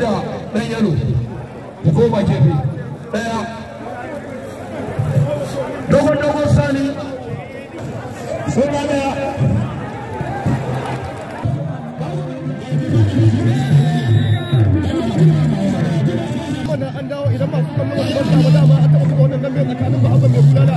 da ɗan yalo koma gefe ɗaya dogon dogon sani suna ɗaya an dawo idan masu kallon wani ba ba dama a taɓa kuma wannan dambe tsakanin ba mai kula da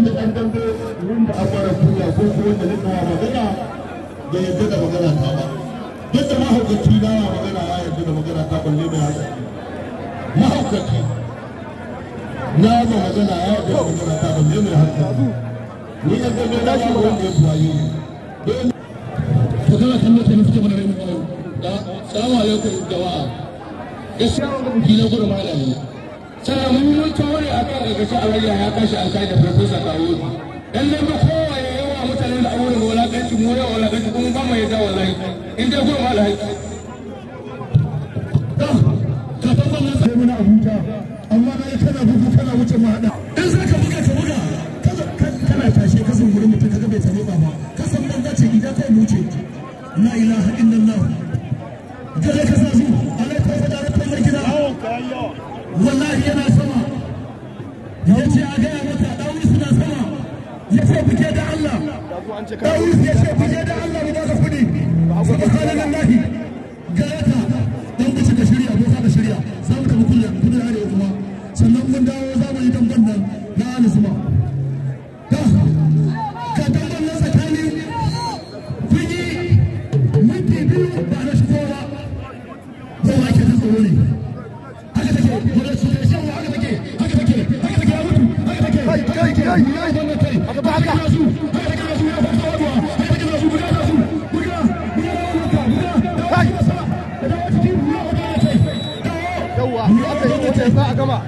dukkan da ɗan dambe wanda an mara kunya ko ko wanda na kawo magana da yadda da magana ta ba duk da mahaukaci na ya magana ya yadda da magana ta balle mai hankali mahaukaci na ma magana ya yadda da magana ta balle mai hankali ni yadda da shi wanda ya tuwaye ne ko da kallon ta nufi mana rai mu da salamu alaikum jama'a gaskiya kina gudu malami sai mu mun tore a kan ƙarƙashin amarya ya kashi an kai da farfesa kawo dan nan ba kowa ya yawa mutanen da aure ga wulaƙanci mu yawa wulaƙanci kuma ba mu yadda wallahi in dai goma alhaji. Sai muna amma na wuce mu haɗa. In za ka buga ka buga, tashe mutum ka idan kai mu wuce. ilaha illallah wallahi yana sama ya ce a gaya mata ɗawis na sama ya ce fike da Allah ɗawis ya ce fike da Allah mu baka kuɗi subhanan lahi garata don ku da shirya ko da shirya za mu tafi kudu arewa kuma sannan mun dawo za mu yi damban nan na alisuma za a gama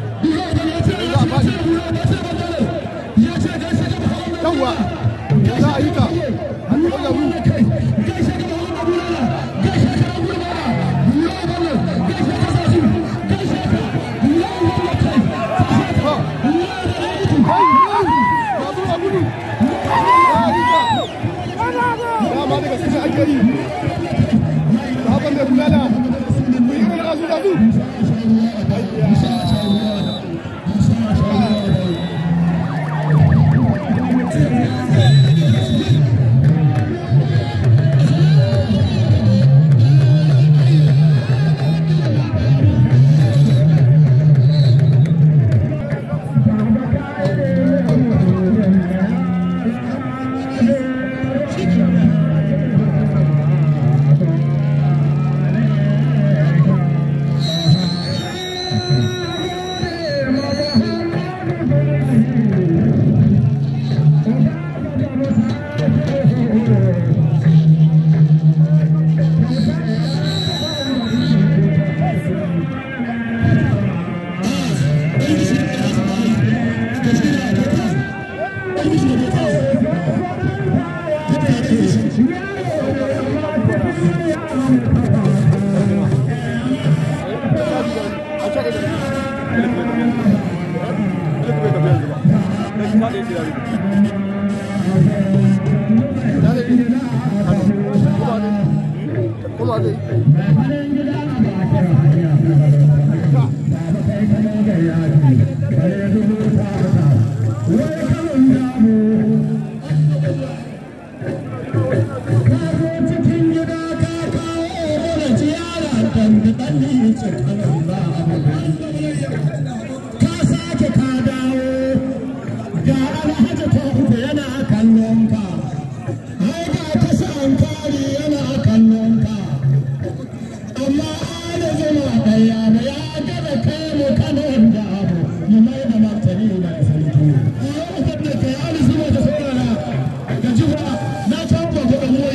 kuma dai Wai kawai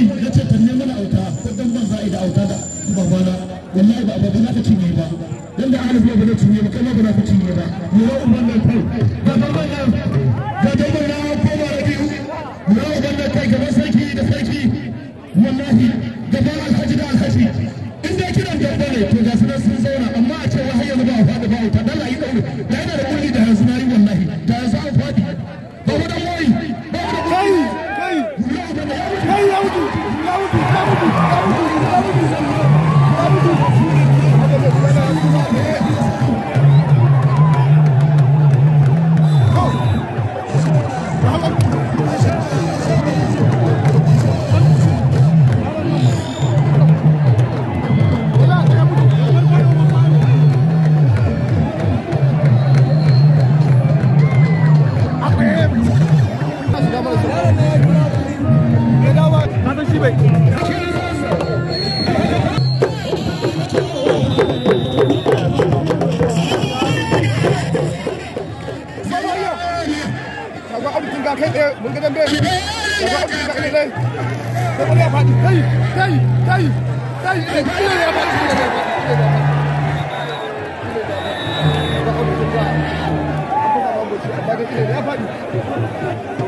kai na ce ta nemi na auta ko sannan ban za'i da auta da babana wallahi ba babana ka cinye ba dan da ahlus ba na cinye ba kana ba na ka cinye ba ni wa umman nan kai ga babban nan ga babban nan ko ba da biyu na umman nan kai gaban sarki da sarki wallahi gaban alhaji da alhaji in dai kiran dabba ne to ga sunan sun zauna amma a ce wahayar ba a faɗi ba auta dan ayi da yana da dambe mun ga dambe daga faɗi faɗi faɗi ya faɗi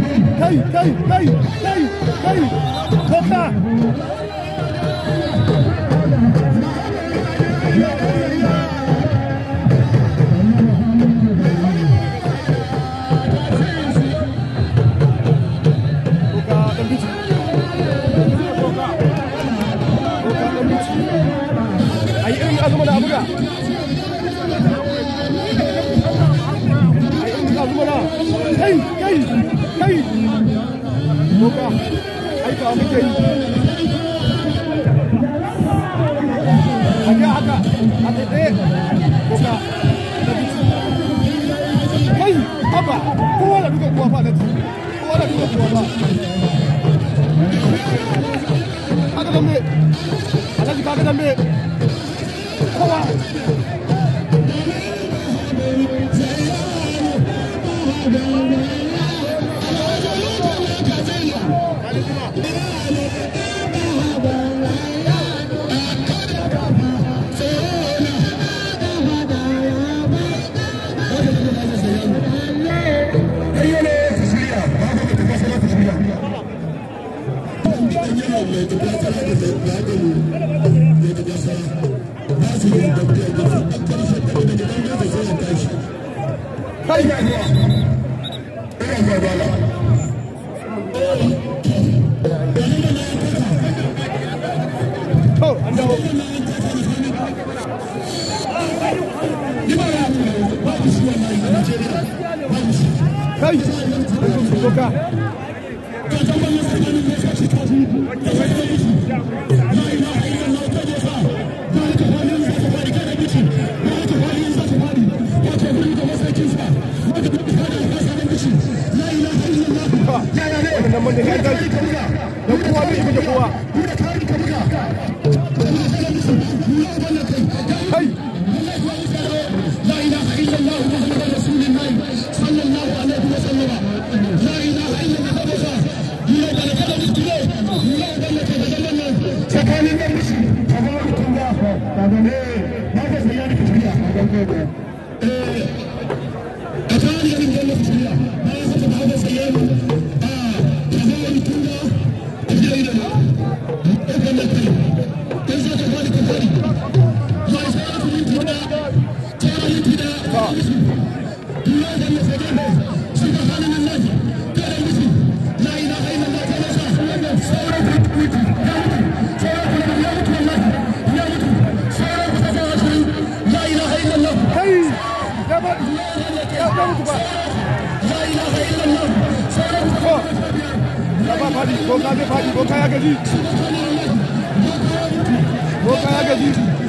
kai kai kai kai kai toka Ayi irin boka aika muke yi haka haka a tsaye boka kai haba Kai! Tocar! da kowa bai da kowa boka zai faɗi boka ya gaji ya gaji